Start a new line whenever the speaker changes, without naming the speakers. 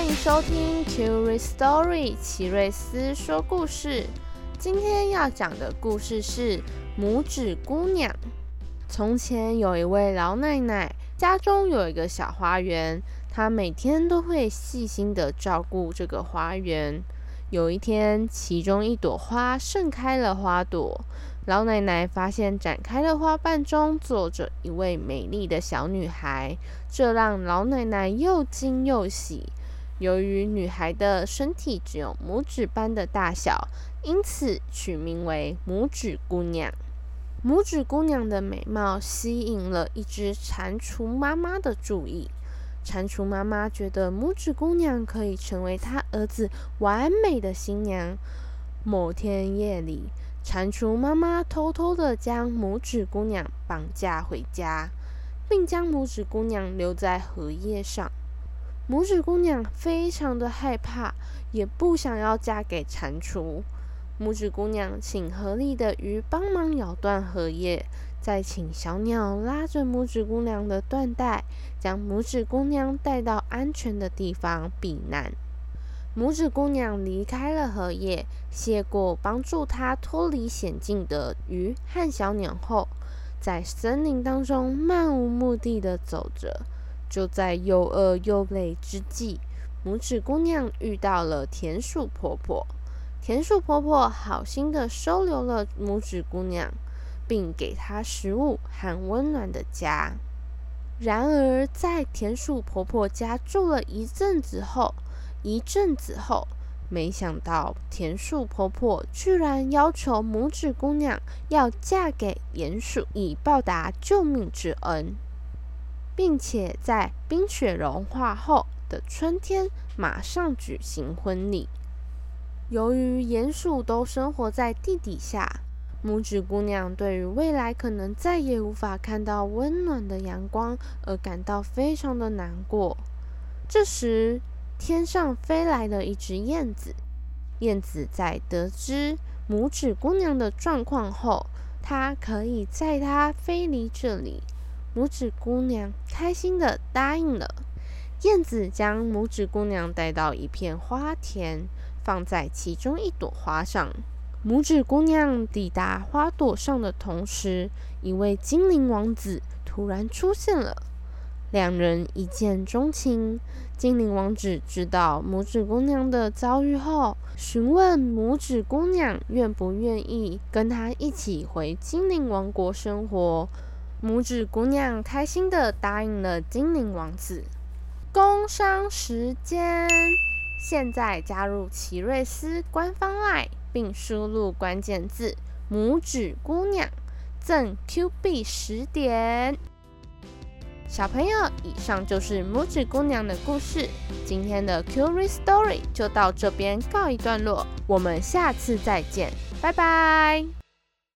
歡迎收聽《Curry Story》，奇瑞斯說故事。今天要講的故事是《拇指姑娘》。從前有一位老奶奶，家中有一個小花園，她每天都會細心地照顧這個花園。有一天，其中一朵花盛開了花朵，老奶奶發現展開的花瓣中坐着一位美麗的小女孩，這讓老奶奶又驚又喜。由於女孩的身體只有拇指般的大小，因此取名為拇指姑娘。拇指姑娘的美貌吸引了一隻蟾蜍媽媽的注意。蟾蜍媽媽覺得拇指姑娘可以成為她兒子完美的新娘。某天夜裡，蟾蜍媽媽偷偷的將拇指姑娘綁架回家，並將拇指姑娘留在荷葉上。拇指姑娘非常的害怕，也不想要嫁給蟾蜍。拇指姑娘請河裡的魚幫忙咬斷荷葉，再請小鳥拉着拇指姑娘的緞帶，將拇指姑娘帶到安全的地方避難。拇指姑娘離開了荷葉，謝過幫助她脫離險境的魚和小鳥後，在森林當中漫無目的的走着。就在又餓又累之際，拇指姑娘遇到了田鼠婆婆。田鼠婆婆好心的收留了拇指姑娘，並給她食物和溫暖的家。然而，在田鼠婆婆家住了一陣子後，一陣子後，沒想到田鼠婆婆居然要求拇指姑娘要嫁給鼴鼠，以報答救命之恩。並且在冰雪融化後的春天馬上舉行婚禮。由於鼴鼠都生活在地底下，拇指姑娘對於未來可能再也無法看到溫暖的陽光而感到非常的難過。這時，天上飛來了一隻燕子。燕子在得知拇指姑娘的狀況後，它可以載她飛離這裡。拇指姑娘開心的答應了。燕子將拇指姑娘帶到一片花田，放在其中一朵花上。拇指姑娘抵達花朵上的同時，一位精靈王子突然出現了，兩人一見鍾情。精靈王子知道拇指姑娘的遭遇後，詢問拇指姑娘願不願意跟他一起回精靈王國生活。拇指姑娘開心地答應了精靈王子。工商時間，現在加入奇瑞斯官方 Line，並輸入關鍵字“拇指姑娘”，贈 Q 幣十點。小朋友，以上就是拇指姑娘的故事。今天的 Q 瑞 Story 就到這邊告一段落，我們下次再見，拜拜。